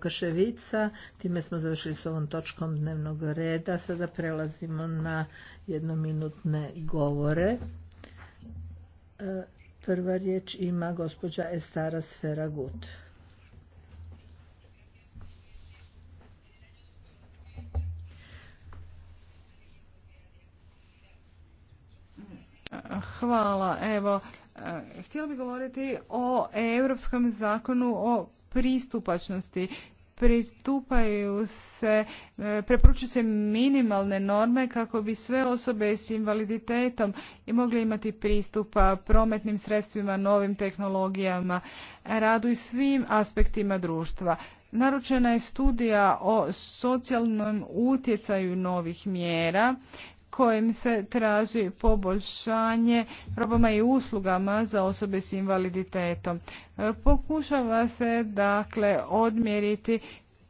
Krševica. Time smo završili s ovom točkom dnevnog reda. Sada prelazimo na jednominutne govore. E, prva riječ ima gospođa Estara gut Hvala. Evo, e, htjela bih govoriti o Europskom zakonu o pristupačnosti pristupaju se, e, preporučuju se minimalne norme kako bi sve osobe s invaliditetom i mogle imati pristupa prometnim sredstvima, novim tehnologijama, radu i svim aspektima društva. Naručena je studija o socijalnom utjecaju novih mjera kojim se traži poboljšanje robama i uslugama za osobe s invaliditetom. E, pokušava se dakle odmjeriti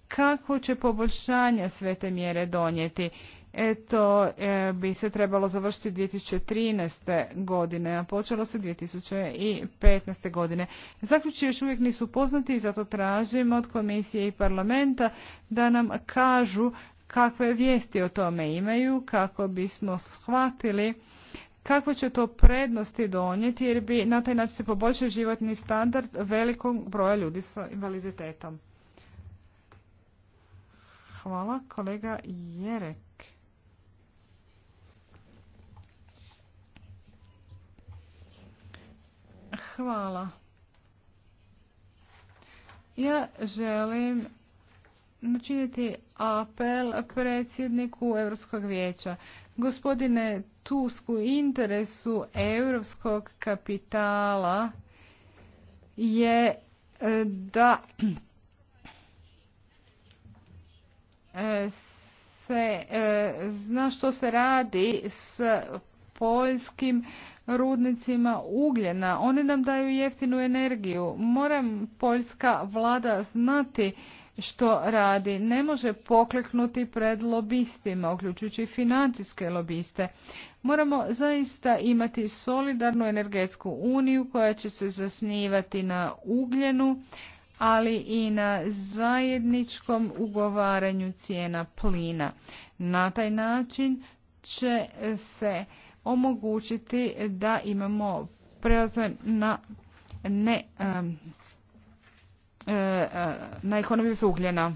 kako će poboljšanja sve te mjere donijeti. To e, bi se trebalo završiti 2013. godine, a počelo se 2015. godine. Zaključi još uvijek nisu poznati i zato tražimo od komisije i parlamenta da nam kažu kakve vijesti o tome imaju kako bismo shvatili kakve će to prednosti donijeti jer bi na taj način se poboljšao životni standard velikog broja ljudi sa invaliditetom. Hvala kolega Jerek. Hvala. Ja želim načiniti apel predsjedniku Europskog vijeća. Gospodine Tusku, interesu europskog kapitala je e, da e, se e, zna što se radi s poljskim rudnicima ugljena. Oni nam daju jeftinu energiju. Moram poljska vlada znati što radi. Ne može pokleknuti pred lobistima, uključujući financijske lobiste. Moramo zaista imati solidarnu energetsku uniju koja će se zasnivati na ugljenu, ali i na zajedničkom ugovaranju cijena plina. Na taj način će se omogućiti da imamo prelaze na ne e, e, na ekonomiju ugljena.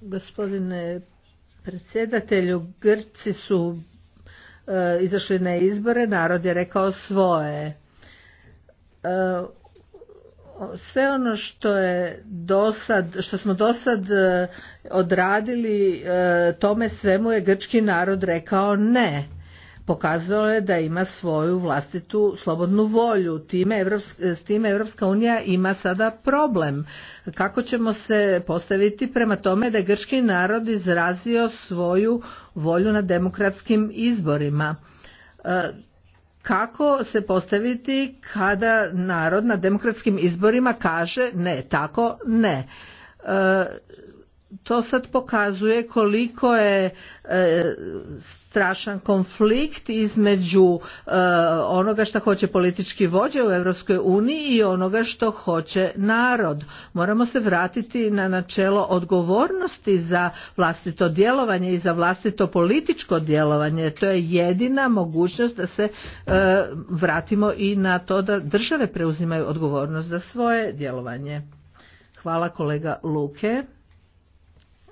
Gospodine predsjedatelju, Grci su e, izašli na izbore, narod je rekao svoje sve ono što je dosad, što smo do sad e, odradili, e, tome svemu je grčki narod rekao ne. Pokazalo je da ima svoju vlastitu slobodnu volju. Time e, s time Evropska unija ima sada problem. Kako ćemo se postaviti prema tome da je grčki narod izrazio svoju volju na demokratskim izborima? kako se postaviti kada narod na demokratskim izborima kaže ne, tako ne. E, to sad pokazuje koliko je e, strašan konflikt između e, onoga što hoće politički vođe u Europskoj uniji i onoga što hoće narod. Moramo se vratiti na načelo odgovornosti za vlastito djelovanje i za vlastito političko djelovanje. to je jedina mogućnost da se e, vratimo i na to da države preuzimaju odgovornost za svoje djelovanje. Hvala kolega Luke.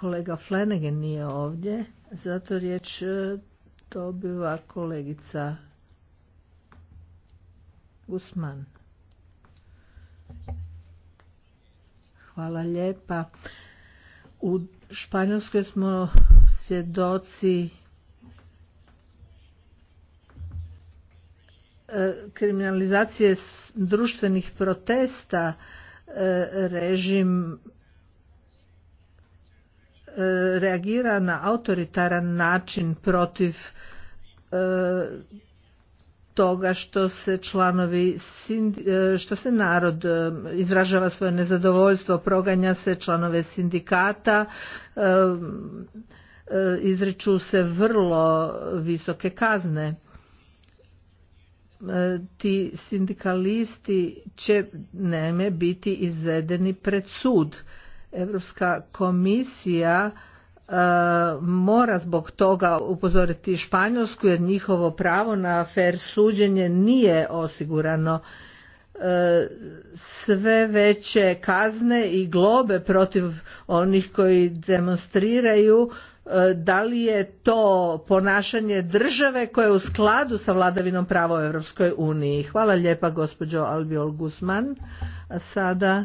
kolega Flanagan nije ovdje, zato riječ e, dobiva kolegica Gusman. Hvala lijepa. U Španjolskoj smo svjedoci e, kriminalizacije društvenih protesta e, režim reagira na autoritaran način protiv e, toga što se članovi e, što se narod e, izražava svoje nezadovoljstvo proganja se članove sindikata izriču se vrlo visoke kazne ti sindikalisti će neme biti izvedeni pred sud Europska komisija e, mora zbog toga upozoriti Španjolsku jer njihovo pravo na afer suđenje nije osigurano e, sve veće kazne i globe protiv onih koji demonstriraju e, da li je to ponašanje države koje je u skladu sa vladavinom prava u Europskoj uniji. Hvala lijepa gospođo Albiol Guzman. A sada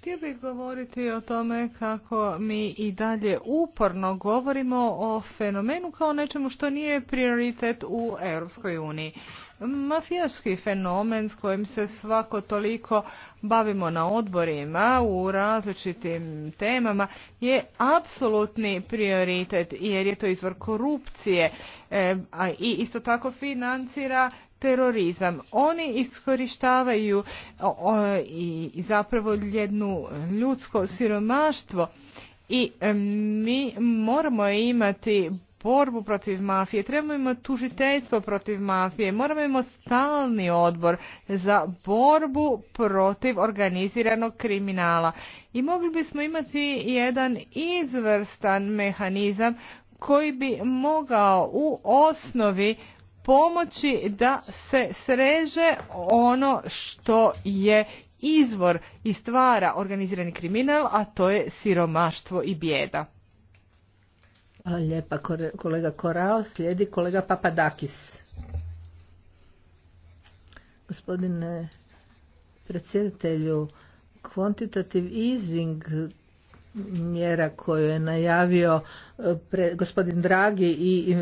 Htio bih govoriti o tome kako mi i dalje uporno govorimo o fenomenu kao nečemu što nije prioritet u Europskoj uniji. Mafijaški fenomen s kojim se svako toliko bavimo na odborima u različitim temama je apsolutni prioritet jer je to izvor korupcije e, i isto tako financira terorizam. Oni iskorištavaju i zapravo jednu ljudsko siromaštvo i mi moramo imati borbu protiv mafije, trebamo imati tužiteljstvo protiv mafije, moramo imati stalni odbor za borbu protiv organiziranog kriminala. I mogli bismo imati jedan izvrstan mehanizam koji bi mogao u osnovi pomoći da se sreže ono što je izvor i stvara organizirani kriminal, a to je siromaštvo i bijeda. Hvala lijepa kolega Korao, slijedi kolega Papadakis. Gospodine predsjedatelju, quantitative easing mjera koju je najavio e, gospodin Dragi i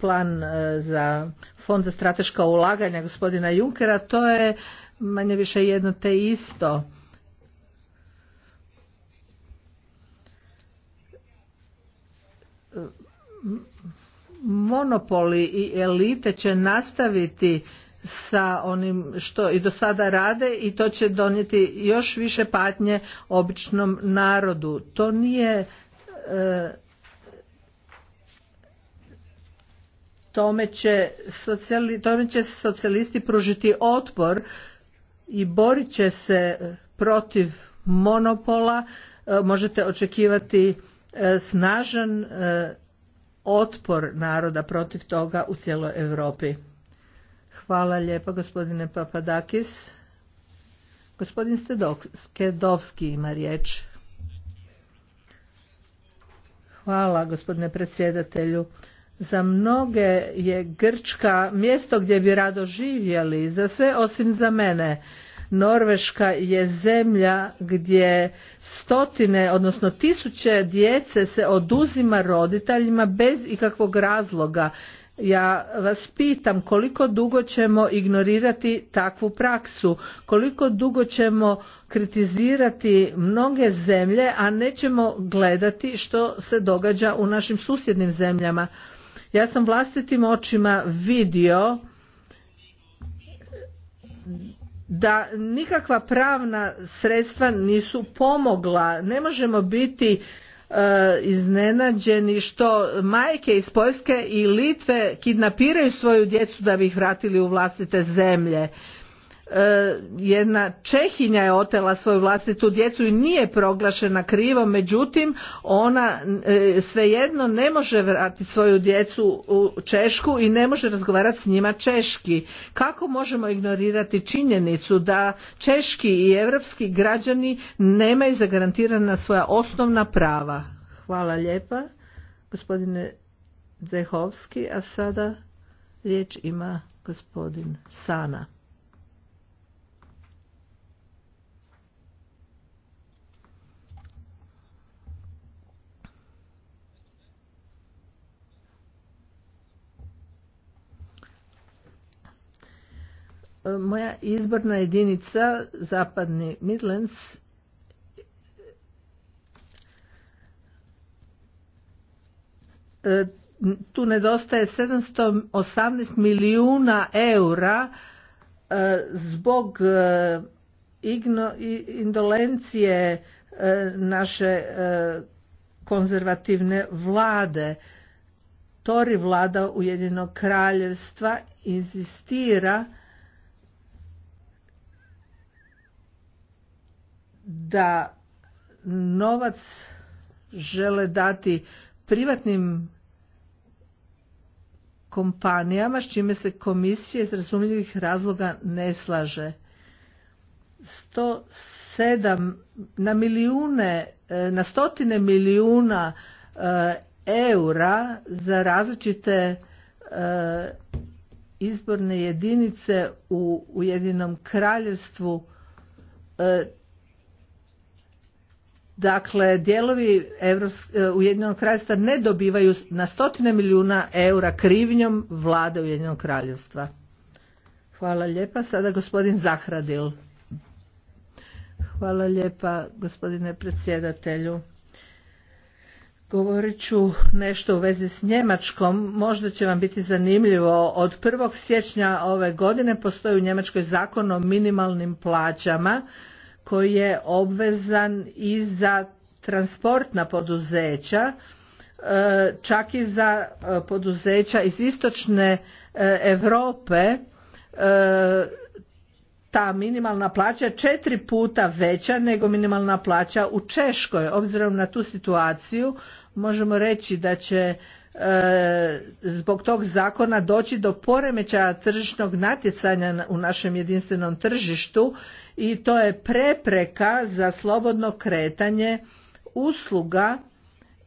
plan e, za fond za strateška ulaganja gospodina Junkera, to je manje više jedno te isto. Monopoli i elite će nastaviti sa onim što i do sada rade i to će donijeti još više patnje običnom narodu. To nije e, tome će socijali, tome će socijalisti pružiti otpor i borit će se protiv monopola. E, možete očekivati e, snažan otpor naroda protiv toga u cijeloj Europi. Hvala lijepa gospodine Papadakis. Gospodin Skedovski ima riječ. Hvala gospodine predsjedatelju. Za mnoge je Grčka mjesto gdje bi rado živjeli, za sve osim za mene. Norveška je zemlja gdje stotine, odnosno tisuće djece se oduzima roditeljima bez ikakvog razloga ja vas pitam koliko dugo ćemo ignorirati takvu praksu koliko dugo ćemo kritizirati mnoge zemlje a nećemo gledati što se događa u našim susjednim zemljama ja sam vlastitim očima vidio da nikakva pravna sredstva nisu pomogla ne možemo biti E, iznenađeni što majke iz Poljske i Litve kidnapiraju svoju djecu da bi ih vratili u vlastite zemlje. E, jedna Čehinja je otela svoju vlastitu djecu i nije proglašena krivo, međutim ona e, svejedno ne može vratiti svoju djecu u Češku i ne može razgovarati s njima češki. Kako možemo ignorirati činjenicu da češki i evropski građani nemaju zagarantirana svoja osnovna prava? Hvala lijepa, gospodine Zehovski, a sada riječ ima gospodin Sana. Moja izborna jedinica, zapadni Midlands, e, tu nedostaje 718 milijuna eura e, zbog e, indolencije naše konzervativne vlade. Tori vlada Ujedinog kraljevstva inzistira da novac žele dati privatnim kompanijama s čime se komisija iz razumljivih razloga ne slaže. 107 na milijune, e, na stotine milijuna e, eura za različite e, izborne jedinice u Ujedinom kraljevstvu Dakle, dijelovi e, Ujedinjenog kraljevstva ne dobivaju na stotine milijuna eura krivnjom vlade Ujedinjenog kraljevstva. Hvala lijepa. Sada gospodin Zahradil. Hvala lijepa gospodine predsjedatelju. Govorit ću nešto u vezi s Njemačkom. Možda će vam biti zanimljivo. Od 1. siječnja ove godine postoji u Njemačkoj zakon o minimalnim plaćama koji je obvezan i za transportna poduzeća e, čak i za e, poduzeća iz istočne e, Europe ta minimalna plaća je četiri puta veća nego minimalna plaća u Češkoj. Obzirom na tu situaciju možemo reći da će E, zbog tog zakona doći do poremećaja tržišnog natjecanja u našem jedinstvenom tržištu i to je prepreka za slobodno kretanje usluga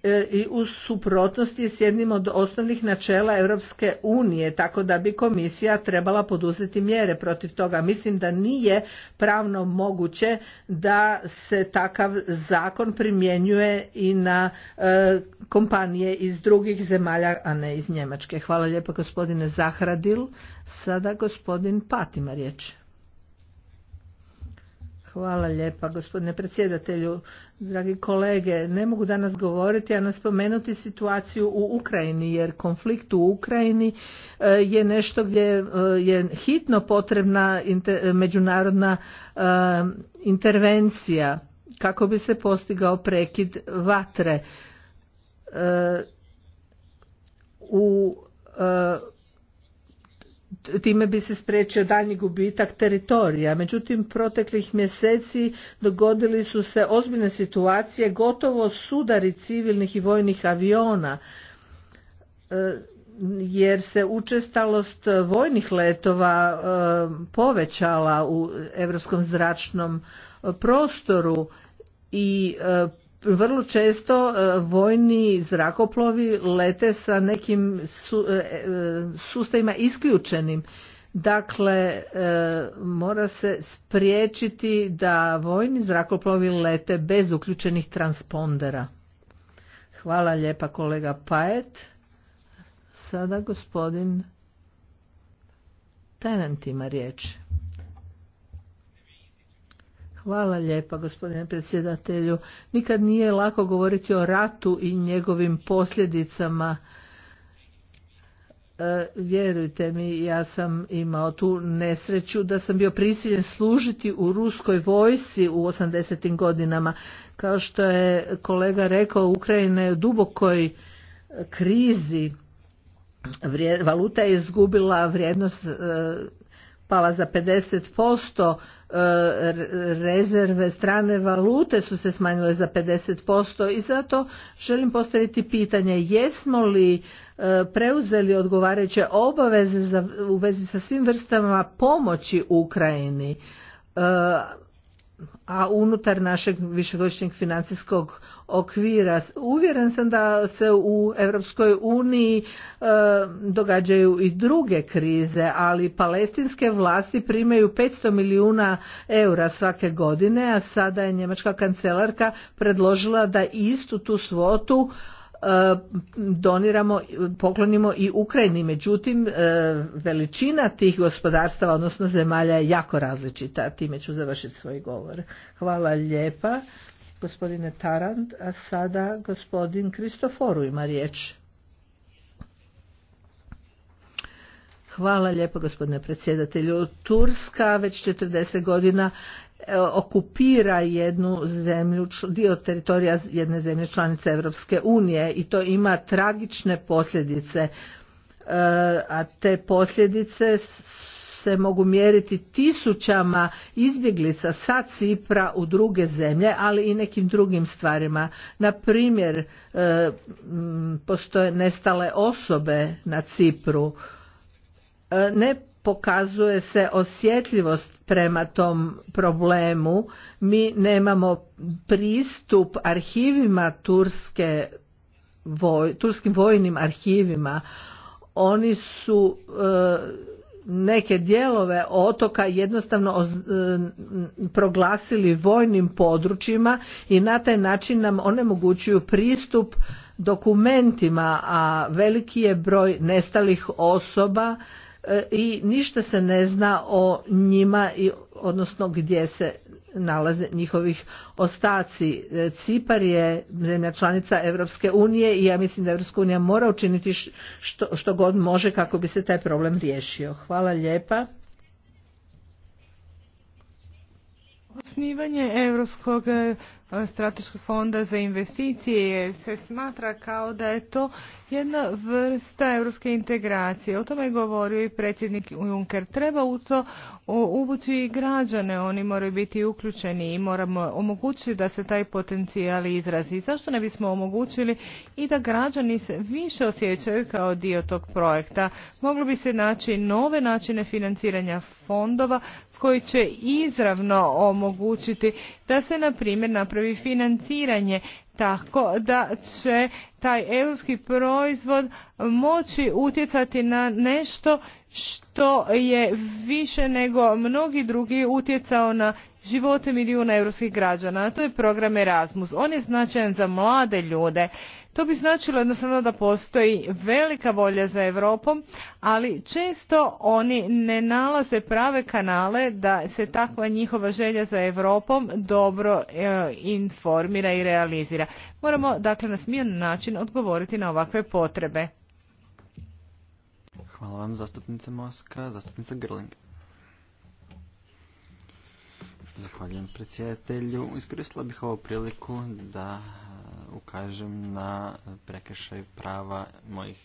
E, i u suprotnosti s jednim od osnovnih načela Europske unije, tako da bi komisija trebala poduzeti mjere protiv toga. Mislim da nije pravno moguće da se takav zakon primjenjuje i na e, kompanije iz drugih zemalja, a ne iz Njemačke. Hvala lijepo gospodine Zahradil. Sada gospodin Patima riječ. Hvala lijepa gospodine predsjedatelju, dragi kolege. Ne mogu danas govoriti, a naspomenuti situaciju u Ukrajini, jer konflikt u Ukrajini e, je nešto gdje e, je hitno potrebna međunarodna e, intervencija kako bi se postigao prekid vatre. U time bi se spriječio daljnji gubitak teritorija. Međutim, proteklih mjeseci dogodili su se ozbiljne situacije, gotovo sudari civilnih i vojnih aviona, e, jer se učestalost vojnih letova e, povećala u europskom zračnom prostoru i e, vrlo često e, vojni zrakoplovi lete sa nekim e, e, sustavima isključenim. Dakle, mora se spriječiti da vojni zrakoplovi lete bez uključenih transpondera. Hvala lijepa kolega Paet. Sada gospodin Tenant ima riječ. Hvala lijepa gospodine predsjedatelju. Nikad nije lako govoriti o ratu i njegovim posljedicama. E, vjerujte mi, ja sam imao tu nesreću da sam bio prisiljen služiti u ruskoj vojsci u 80. godinama. Kao što je kolega rekao, Ukrajina je u dubokoj krizi. Valuta je izgubila vrijednost e, pala za 50%, e, rezerve strane valute su se smanjile za 50% i zato želim postaviti pitanje jesmo li e, preuzeli odgovarajuće obaveze u vezi sa svim vrstama pomoći Ukrajini e, a unutar našeg višegodišnjeg financijskog okvira. Uvjeren sam da se u Europskoj uniji e, događaju i druge krize, ali palestinske vlasti primaju 500 milijuna eura svake godine, a sada je njemačka kancelarka predložila da istu tu svotu E, doniramo, poklonimo i Ukrajini. Međutim, e, veličina tih gospodarstava, odnosno zemalja je jako različita. Time ću završiti svoj govor. Hvala lijepa, gospodine Tarand. A sada gospodin Kristoforu ima riječ. Hvala lijepo gospodine predsjedatelju. Turska već 40 godina E, okupira jednu zemlju, dio teritorija jedne zemlje članice Europske unije i to ima tragične posljedice, e, a te posljedice se mogu mjeriti tisućama izbjeglica sa Cipra u druge zemlje, ali i nekim drugim stvarima. Na primjer, e, postoje nestale osobe na Cipru. Ne pokazuje se osjetljivost prema tom problemu. Mi nemamo pristup arhivima Turske, turskim vojnim arhivima. Oni su e, neke dijelove otoka jednostavno e, proglasili vojnim područjima i na taj način nam onemogućuju pristup dokumentima, a veliki je broj nestalih osoba E, i ništa se ne zna o njima i odnosno gdje se nalaze njihovih ostaci. E, Cipar je zemlja članica Europske unije i ja mislim da Europska unija mora učiniti što, što god može kako bi se taj problem riješio. Hvala lijepa. Osnivanje Europskog e, strateškog fonda za investicije se smatra kao da je to jedna vrsta europske integracije. O tome je govorio i predsjednik Juncker. Treba u to uvući i građane, oni moraju biti uključeni i moramo omogućiti da se taj potencijal izrazi. Zašto ne bismo omogućili i da građani se više osjećaju kao dio tog projekta? Moglo bi se naći nove načine financiranja fondova koji će izravno omogućiti da se na primjer napravi financiranje tako da će taj europski proizvod moći utjecati na nešto što je više nego mnogi drugi utjecao na živote milijuna europskih građana a to je program Erasmus on je značajan za mlade ljude to bi značilo jednostavno da postoji velika volja za Europom, ali često oni ne nalaze prave kanale da se takva njihova želja za Europom dobro e, informira i realizira. Moramo dakle na smijen način odgovoriti na ovakve potrebe. Hvala vam zastupnice Moska, Zahvaljujem predsjedatelju. Iskoristila bih ovu priliku da ukažem na prekršaj prava mojih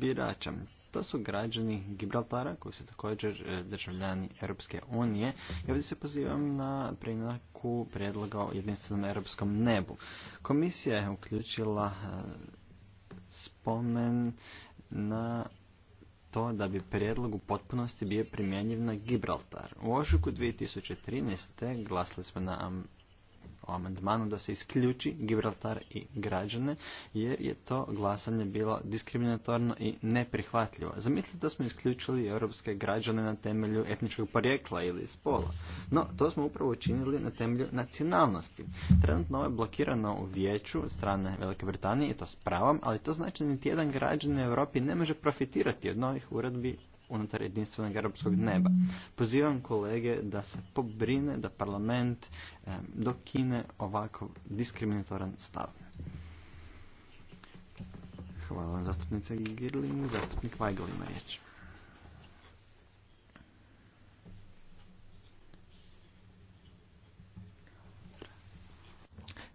birača. To su građani Gibraltara koji su također e, državljani Europske unije i ovdje se pozivam na prinaku prijedloga o jedinstvenom europskom nebu. Komisija je uključila e, spomen na to da bi prijedlog u potpunosti bio primjenjiv na Gibraltar. U ožujku 2013. glasili smo na o amandmanu da se isključi Gibraltar i građane jer je to glasanje bilo diskriminatorno i neprihvatljivo. Zamislite da smo isključili europske građane na temelju etničkog porijekla ili spola. No, to smo upravo učinili na temelju nacionalnosti. Trenutno ovo je blokirano u vijeću strane Velike Britanije i to s pravom, ali to znači da niti jedan građan u Europi ne može profitirati od novih uredbi unutar jedinstvenog europskog neba. Pozivam kolege da se pobrine da parlament dokine ovako diskriminatoran stav. Hvala zastupnice i zastupnik Weigel ima riječ.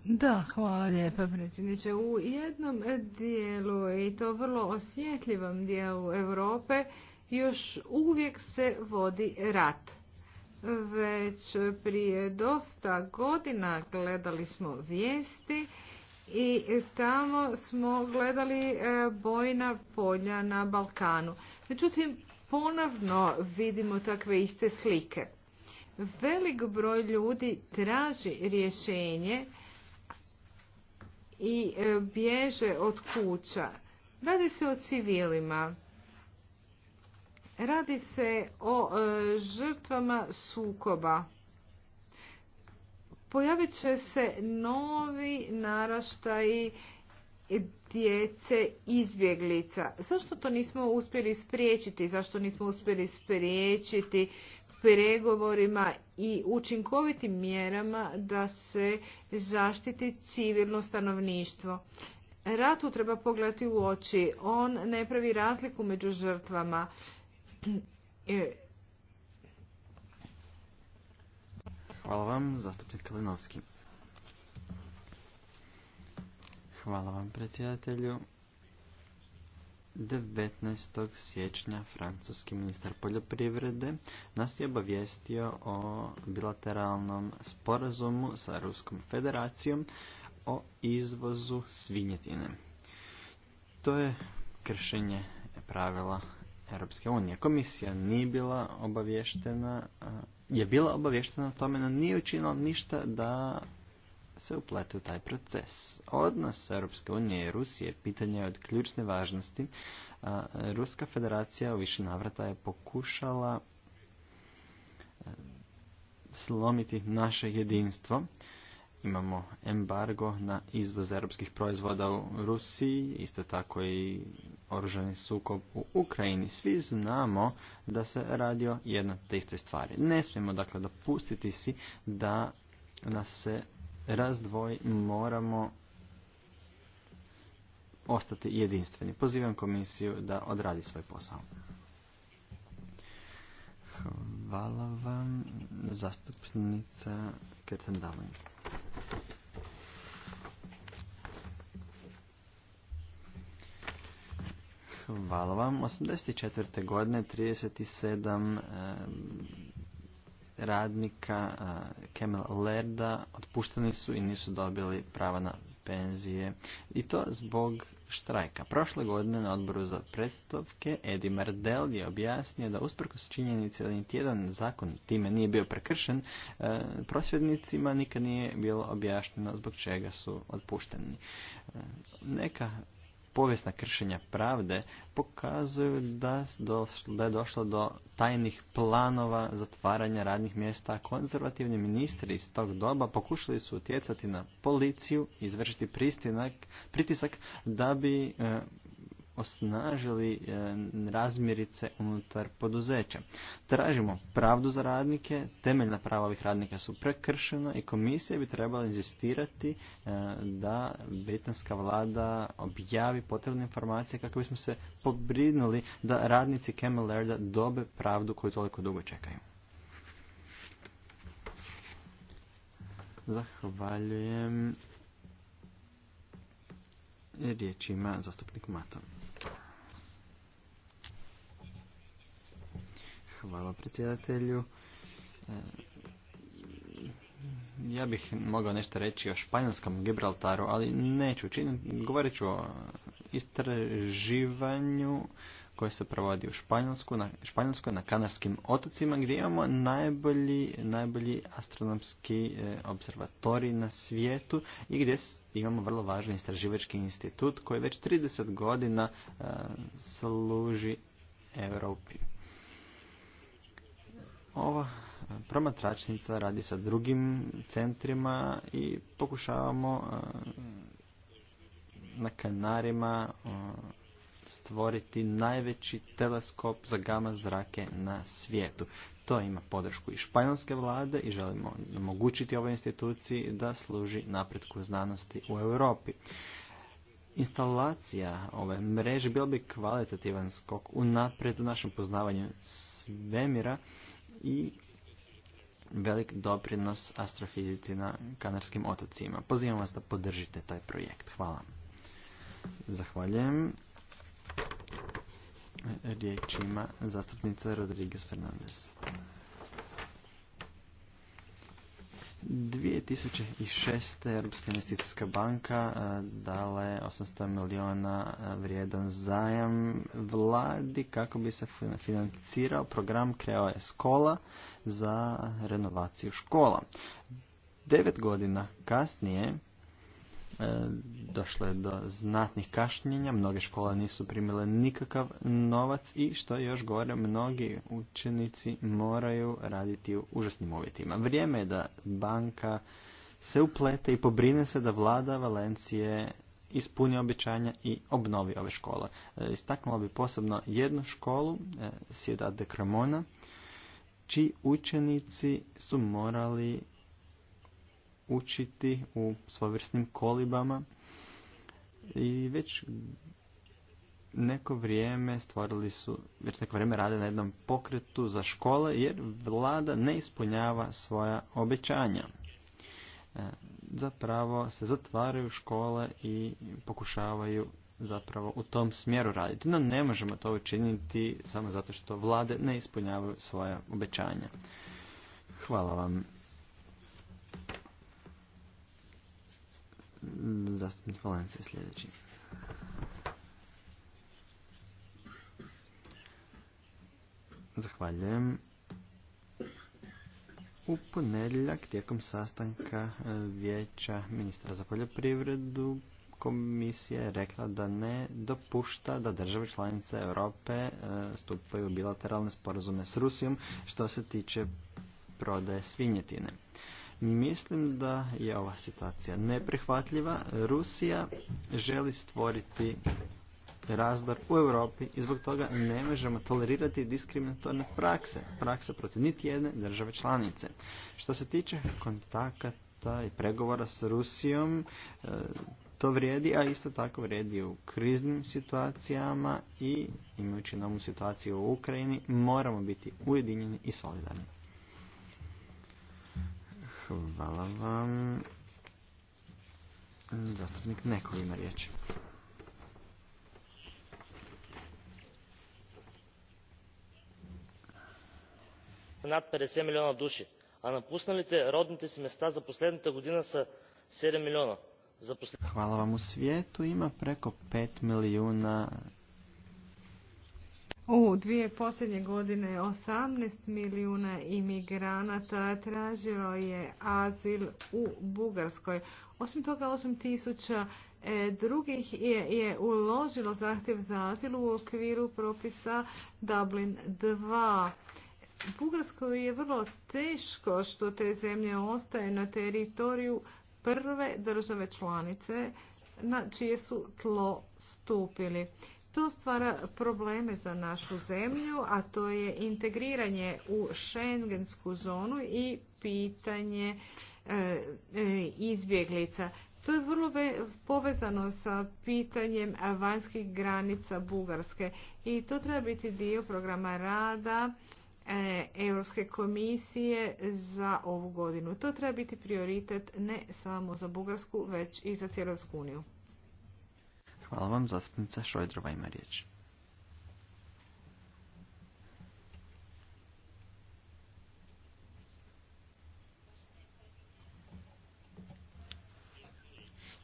Da, hvala lijepa predsjedniče. U jednom dijelu i to vrlo osjetljivom dijelu Europe još uvijek se vodi rat. Već prije dosta godina gledali smo vijesti i tamo smo gledali e, bojna polja na Balkanu. Međutim, ponovno vidimo takve iste slike. Velik broj ljudi traži rješenje i e, bježe od kuća. Radi se o civilima. Radi se o e, žrtvama sukoba. Pojavit će se novi naraštaj djece izbjeglica. Zašto to nismo uspjeli spriječiti? Zašto nismo uspjeli spriječiti pregovorima i učinkovitim mjerama da se zaštiti civilno stanovništvo? Ratu treba pogledati u oči. On ne pravi razliku među žrtvama. E, Hvala vam, zastupnik Kalinovski. Hvala vam, predsjedatelju. 19. siječnja francuski ministar poljoprivrede nas je obavijestio o bilateralnom sporazumu sa Ruskom federacijom o izvozu svinjetine. To je kršenje pravila Europske unije. Komisija nije bila obavještena, je bila obavještena o tome, no nije učinila ništa da se uplete u taj proces. Odnos Europske unije i Rusije pitanje je od ključne važnosti. Ruska federacija u više navrata je pokušala slomiti naše jedinstvo Imamo embargo na izvoz europskih proizvoda u Rusiji, isto tako i oružani sukob u Ukrajini. Svi znamo da se radi o jednoj te istoj stvari. Ne smijemo dakle dopustiti si da nas se razdvoji, moramo ostati jedinstveni. Pozivam komisiju da odradi svoj posao. Hvala vam, zastupnica Kertendavanja. Hvala vam. 84. godine 37 radnika Kemel Lerda otpušteni su i nisu dobili prava na penzije i to zbog štrajka. Prošle godine na odboru za predstavke Edi Mardel je objasnio da usprkos činjenici da niti jedan zakon time nije bio prekršen, e, prosvjednicima nikad nije bilo objašnjeno zbog čega su otpušteni. E, neka povijesna kršenja pravde pokazuju da, je došlo do tajnih planova zatvaranja radnih mjesta, konzervativni ministri iz tog doba pokušali su utjecati na policiju, izvršiti pristinak, pritisak da bi e, osnažili e, razmirice unutar poduzeća. Tražimo pravdu za radnike, temeljna prava ovih radnika su prekršena i komisija bi trebala inzistirati e, da britanska vlada objavi potrebne informacije kako bismo se pobrinuli da radnici Camel Airda dobe pravdu koju toliko dugo čekaju. Zahvaljujem. Riječ ima zastupnik Mato. Hvala predsjedatelju. Ja bih mogao nešto reći o španjolskom Gibraltaru, ali neću učiniti. Govorit ću o istraživanju koje se provodi u Španjolsku, na, Španjolskoj na Kanarskim otocima gdje imamo najbolji, najbolji astronomski e, observatorij na svijetu i gdje imamo vrlo važan istraživački institut koji već 30 godina eh, služi Europi. Ova e, promatračnica radi sa drugim centrima i pokušavamo e, na Kanarima e, stvoriti najveći teleskop za gama zrake na svijetu. To ima podršku i španjolske vlade i želimo omogućiti ovoj instituciji da služi napretku znanosti u Europi. Instalacija ove mreže bila bi kvalitativan skok u napredu našem poznavanju svemira i velik doprinos astrofizici na Kanarskim otocima. Pozivam vas da podržite taj projekt. Hvala. Zahvaljujem. Riječ ima zastupnica Rodriguez Fernandez. 2006. Europska investicijska banka e, dala je 800 miliona e, vrijedan zajam vladi kako bi se financirao program Kreo skola za renovaciju škola. Devet godina kasnije E, došlo je do znatnih kašnjenja, mnoge škole nisu primile nikakav novac i što je još gore, mnogi učenici moraju raditi u užasnim uvjetima. Vrijeme je da banka se uplete i pobrine se da vlada Valencije ispuni obećanja i obnovi ove škole. E, istaknula bi posebno jednu školu, Sjeda de Cremona, čiji učenici su morali učiti u svojvrsnim kolibama i već neko vrijeme stvorili su, već neko vrijeme rade na jednom pokretu za škole jer vlada ne ispunjava svoja obećanja. E, zapravo se zatvaraju škole i pokušavaju zapravo u tom smjeru raditi. No ne možemo to učiniti samo zato što vlade ne ispunjavaju svoja obećanja. Hvala vam. Zastupnik Valencija sljedeći. Zahvaljujem. U ponedjeljak tijekom sastanka e, vijeća ministra za poljoprivredu komisija je rekla da ne dopušta da države članice Europe e, stupaju bilateralne sporazume s Rusijom što se tiče prodaje svinjetine. Mislim da je ova situacija neprihvatljiva. Rusija želi stvoriti razdor u Europi i zbog toga ne možemo tolerirati diskriminatorne prakse, prakse protiv niti jedne države članice. Što se tiče kontakata i pregovora s Rusijom, e, to vrijedi, a isto tako vrijedi u kriznim situacijama i imajući nam situaciju u Ukrajini moramo biti ujedinjeni i solidarni. Hvala vam. Zastupnik Nekov ima riječ. над 50 милиона души, а напусналите родните си места за последната година са 7 милиона. Hvala vam. U svijetu ima preko 5 milijuna u dvije posljednje godine 18 milijuna imigranata tražilo je azil u Bugarskoj. Osim toga 8 tisuća e, drugih je, uložilo zahtjev za azil u okviru propisa Dublin 2. Bugarskoj je vrlo teško što te zemlje ostaje na teritoriju prve države članice na čije su tlo stupili. To stvara probleme za našu zemlju, a to je integriranje u šengensku zonu i pitanje e, e, izbjeglica. To je vrlo povezano sa pitanjem vanjskih granica Bugarske i to treba biti dio programa rada e, Europske komisije za ovu godinu. To treba biti prioritet ne samo za Bugarsku, već i za cijelu uniju. Hvala vam, zastupnica Šojdrova ima riječ.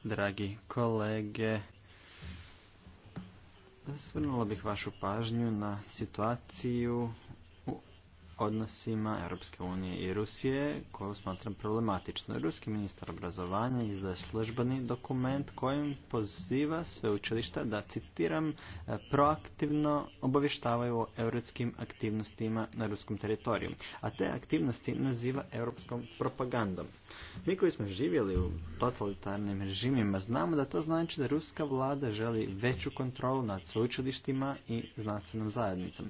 Dragi kolege, svrnula bih vašu pažnju na situaciju odnosima Europske unije i Rusije koju smatram problematično. Ruski ministar obrazovanja izdaje službeni dokument kojim poziva sve učilišta da, citiram, e, proaktivno obavještavaju o europskim aktivnostima na ruskom teritoriju, a te aktivnosti naziva europskom propagandom. Mi koji smo živjeli u totalitarnim režimima znamo da to znači da ruska vlada želi veću kontrolu nad sveučilištima i znanstvenom zajednicom.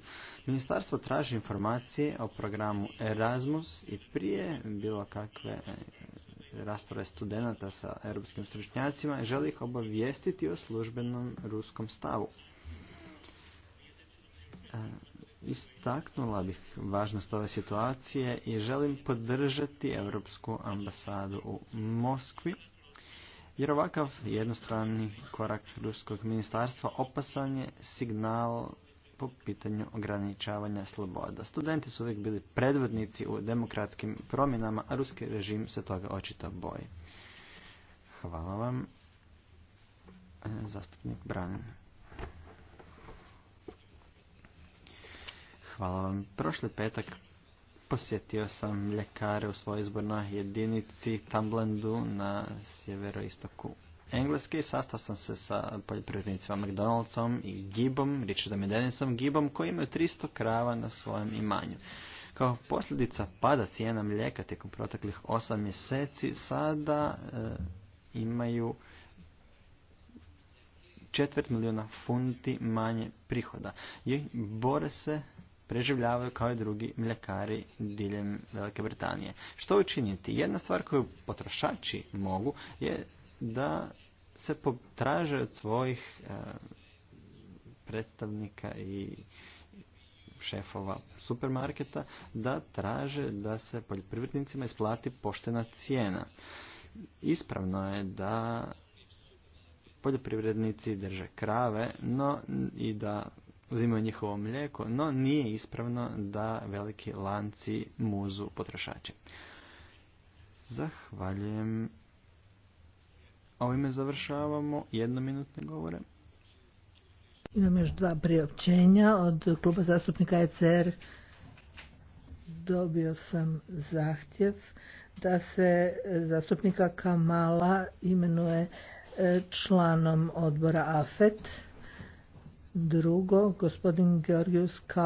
Ministarstvo traži informacije o programu Erasmus i prije bilo kakve e, rasprave studenata sa europskim stručnjacima želi ih obavijestiti o službenom ruskom stavu. E, istaknula bih važnost ove situacije i želim podržati Europsku ambasadu u Moskvi jer ovakav jednostrani korak ruskog ministarstva opasan je signal po pitanju ograničavanja sloboda. Studenti su uvijek bili predvodnici u demokratskim promjenama, a ruski režim se toga očito boji. Hvala vam. E, zastupnik Branin. Hvala vam. Prošli petak posjetio sam ljekare u svojoj izbornoj jedinici Tamblandu na sjeveroistoku engleski sastao sam se sa poljoprivrednicima McDonald'som i Gibom, Richardom i Gibom koji imaju 300 krava na svojem imanju. Kao posljedica pada cijena mlijeka tijekom proteklih 8 mjeseci sada e, imaju četvrt milijuna funti manje prihoda i bore se preživljavaju kao i drugi mljekari diljem Velike Britanije. Što učiniti? Jedna stvar koju potrošači mogu je da se traže od svojih e, predstavnika i šefova supermarketa da traže da se poljoprivrednicima isplati poštena cijena. Ispravno je da poljoprivrednici drže krave no, i da uzimaju njihovo mlijeko, no nije ispravno da veliki lanci muzu potrošači. Zahvaljujem Ovime završavamo jednominutne govore. Imam još dva priopćenja od kluba zastupnika ECR. Dobio sam zahtjev da se zastupnika Kamala imenuje e, članom odbora AFET. Drugo, gospodin Georgius